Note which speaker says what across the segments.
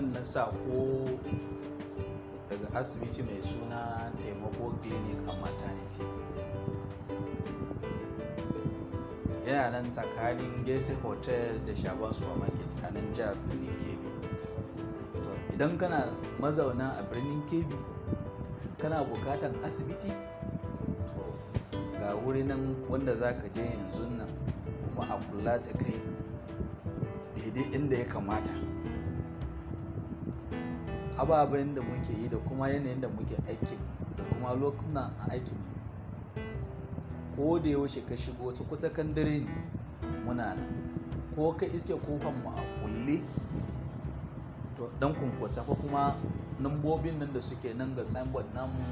Speaker 1: wannan sako daga asibiti mai suna taimako clinic a maternity yana nan tsakanin gese hotel da shagon supermarket a nan jihar birnin kebbi to idan kana mazauna a birnin kebbi kana bukatan asibiti to ga wuri nan wanda za ka je yanzu nan kuma a kula da kai daidai inda ya kamata ababen da muke yi da kuma yanayin da muke aiki da kuma lokuna a aikin ko da yaushe ka shigo su kuta kan dare ne muna nan ko ka iske kofan mu a kulle to dan kunkusa ko kuma nambobin nan da suke nan ga signboard namu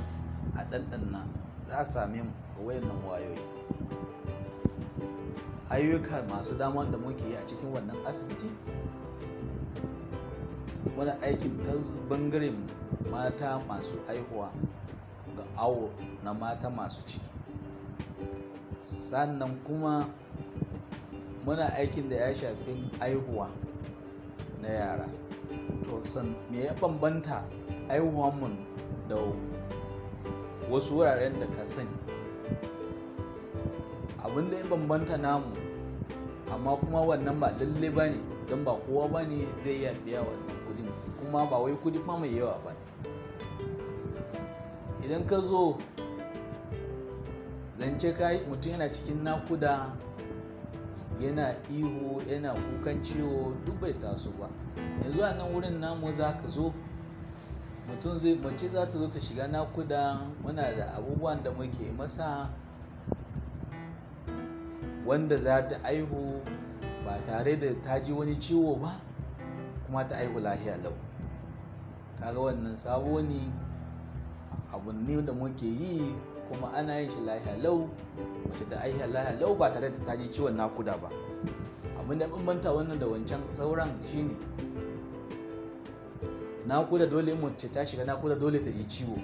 Speaker 1: a ɗanɗanna za a same mu ga wayannan wayoyi ayyuka masu dama da muke yi a cikin wannan asibiti Muna aikin bangaren mata masu aihuwa ga awo na mata masu ciki sannan kuma muna aikin da ya shafi aihuwa na yara to san me ya bambanta mu da wasu wuraren da ka sani abin da ya bambanta namu amma kuma wannan ba lalle ba ne don ba kowa ba ne zai iya biya wannan kudin kuma ba wai kudi fa mai yawa ba idan ka zo zance kai mutum yana cikin nakuda yana ihu yana kukan ciwo duk bai taso ba yanzu a nan wurin namu za ka zo mutum zai mace za ta zo ta shiga nakuda muna da abubuwan da muke masa wanda za ta aihu ba tare da ta ji wani ciwo ba kuma ta aihu lahiya lau kaga wannan sabo ne abu ne da muke yi kuma ana yin shi lahiya lau da ai lahiya lau ba tare da ta ji ciwon nakuda ba abin da bambanta wannan da wancan sauran shine nakuda dole ce ta shiga nakuda dole ta ji ciwo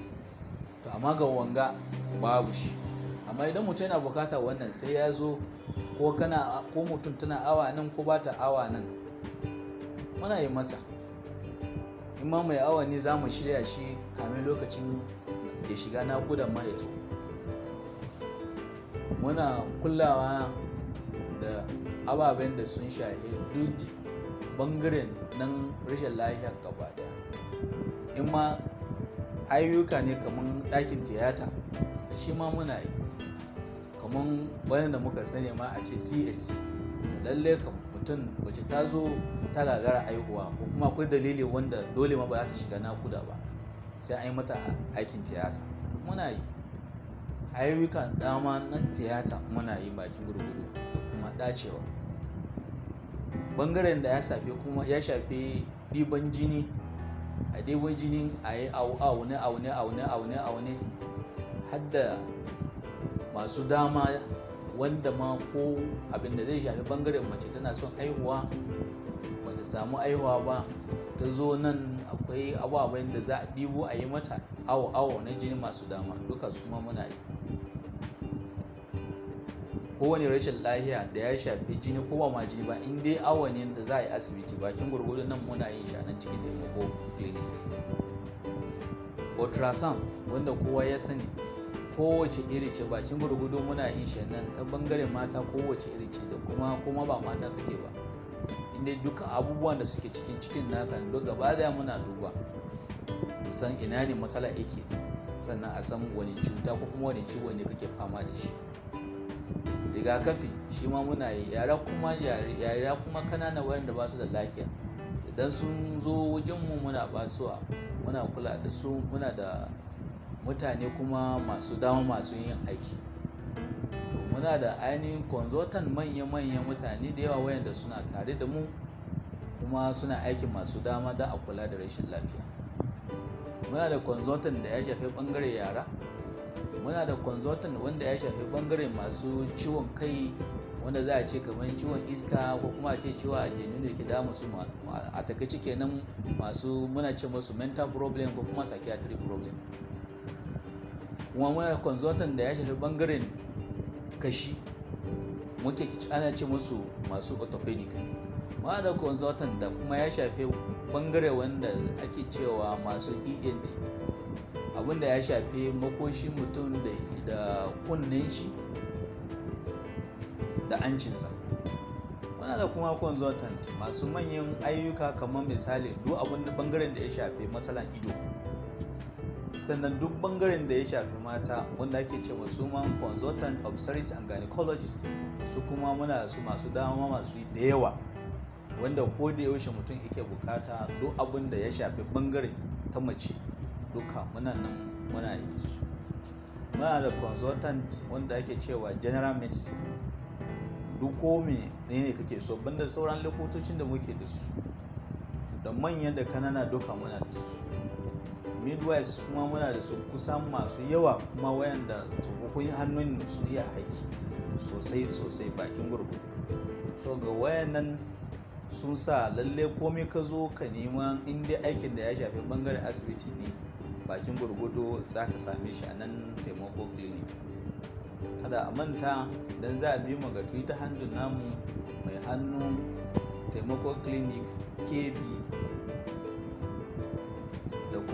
Speaker 1: to amma ga wanga babu shi amma idan mutum yana bukata wannan sai ya zo ko kana ko mutum tana awa nan ko bata awa nan muna yi masa in ma mai awa ne za mu shirya shi kamin lokacin ya shiga nakudan ma muna kullawa da ababen da sun shahe duk bangaren nan rashin lahiyar gaba daya in ma ayyuka ne kamar ɗakin tiyata da shi ma muna yi kamar wani da muka sani ma a ce cs da lalle kamar mutum wace ta zo ta gagara aihuwa ko kuma akwai dalili wanda dole ma ba za ta shiga nakuda ba sai an yi mata aikin tiyata muna yi ayyuka dama na tiyata muna yi bakin gurgudu da kuma dacewa bangaren da ya shafi kuma ya shafi diban jini a diban jini a yi aune aune awune awune aune hadda masu dama wanda ma ko abin zai shafi bangaren mace tana son haihuwa ta samu haihuwa ba ta zo nan akwai ababen da za a ɗibo a yi mata awo awo na jini masu dama duka su ma muna yi kowane rashin lahiya da ya shafi jini ko ba ma jini ba in dai awo ne da za a yi asibiti bakin gwargwado nan muna yin shi nan cikin taimako clinic ultrasound wanda kowa ya sani kowace iri ce bakin gurgudu muna yin shi nan ta bangaren mata kowace iri ce da kuma kuma ba mata kake ba inda duka abubuwan da suke cikin cikin naka duk gaba da muna duba san ina ne matsala yake sannan a san wani cuta ko kuma wani ciwo ne kake fama da shi rigakafi shi ma muna yi yara kuma yara kuma kanana wanda ba su da lafiya idan sun zo wajenmu muna basuwa muna kula da su muna da mutane kuma masu dama masu yin aiki muna da ainihin konzotan manya-manyan mutane da yawa wayanda suna tare da mu kuma suna aikin masu dama da a kula da rashin lafiya muna da konzotan da ya shafi bangare yara muna da konzotan wanda ya shafi bangare masu ciwon kai wanda za a ce kamar ciwon iska ko kuma a ce ciwon aljanu da ke damu su a takaici kenan masu muna ce masu mental problem ko kuma psychiatric problem kuma muna consultant da ya shafi bangaren kashi muke ana ce musu masu orthopedic ma'ana consultant da kuma ya shafi bangare wanda ake cewa masu ent abinda ya shafi makoshi mutum da kunnen shi da ancinsa muna da kuma consultant masu manyan ayyuka kamar misali duk abin bangaren da ya shafi matsalan ido sannan duk bangaren da ya shafi mata wanda ake ce masu man consultant of service and gynecologist su kuma muna su masu dama masu da yawa wanda ko da yaushe mutum yake bukata duk abin da ya shafi bangare ta mace duka muna nan muna yi su muna da consultant wanda ake cewa general medicine duk ko me ne kake so banda sauran likitocin da muke da su da manyan da kanana duka muna da su midwives kuma muna da su kusan masu yawa kuma wayanda tsofaffin hannun su iya haiki sosai sosai bakin gurgu so ga wayannan sun sa lalle komai ka zo ka nema inda aikin da ya shafi bangaren asibiti ne bakin gurgudu za ka same shi a nan taimako clinic kada a manta idan za a bi mu ga twitter handle namu mai hannu taimako clinic kb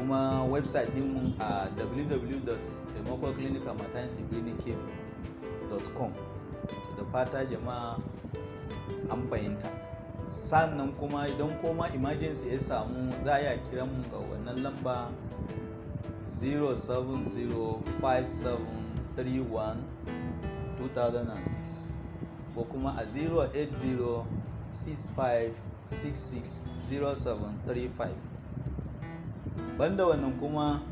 Speaker 1: kuma website mu a www.temococlinicalmaternitybnk.com to da fata jama'a an fahimta sannan kuma idan koma emergency ya samu za a kiran mu ga wannan lamba 0705731 ko kuma a 0806566/0735. banda wannan kuma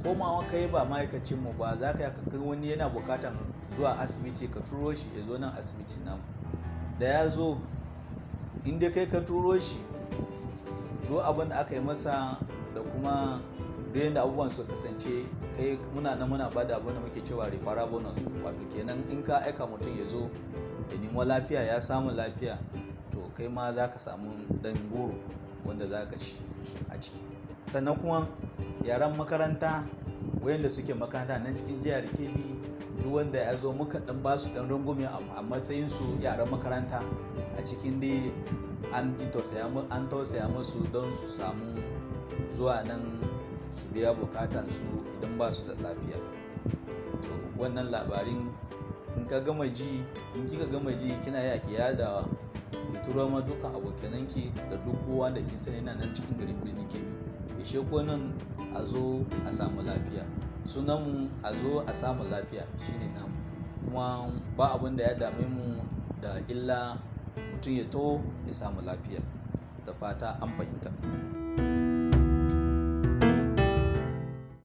Speaker 1: komawa kai ba ma'aikacin mu ba za ka yaka kai wani yana bukatan zuwa asibiti ka turo shi ya zo nan asibitin namu da ya zo inda kai ka turo shi do abin da aka yi masa da kuma duk yadda abubuwan su kasance kai muna nan muna bada abin da muke cewa rifara bonus wato kenan in ka aika mutum ya zo da nemo lafiya ya samu lafiya to kai ma za ka samu dan goro wanda za ka ci a ciki sannan kuma yaran makaranta wayanda suke makaranta nan cikin jihar kebbi duk wanda ya zo muka dan ba su dan rungume a matsayin su yaran makaranta a cikin dai an tausaya musu don su samu zuwa nan su biya bukatan su idan ba su da lafiya to wannan labarin in ka gama ji in kika gama ji kina ya ki yadawa ki turo ma dukkan abokananki da duk kowa da kin sani na nan cikin garin birnin kebbi ishe gonan a zo a samu lafiya sunanmu a zo a samu lafiya shine namu kuma ba abin da ya dame mu da illa mutum ya to ya samu lafiya da fata an fahimta.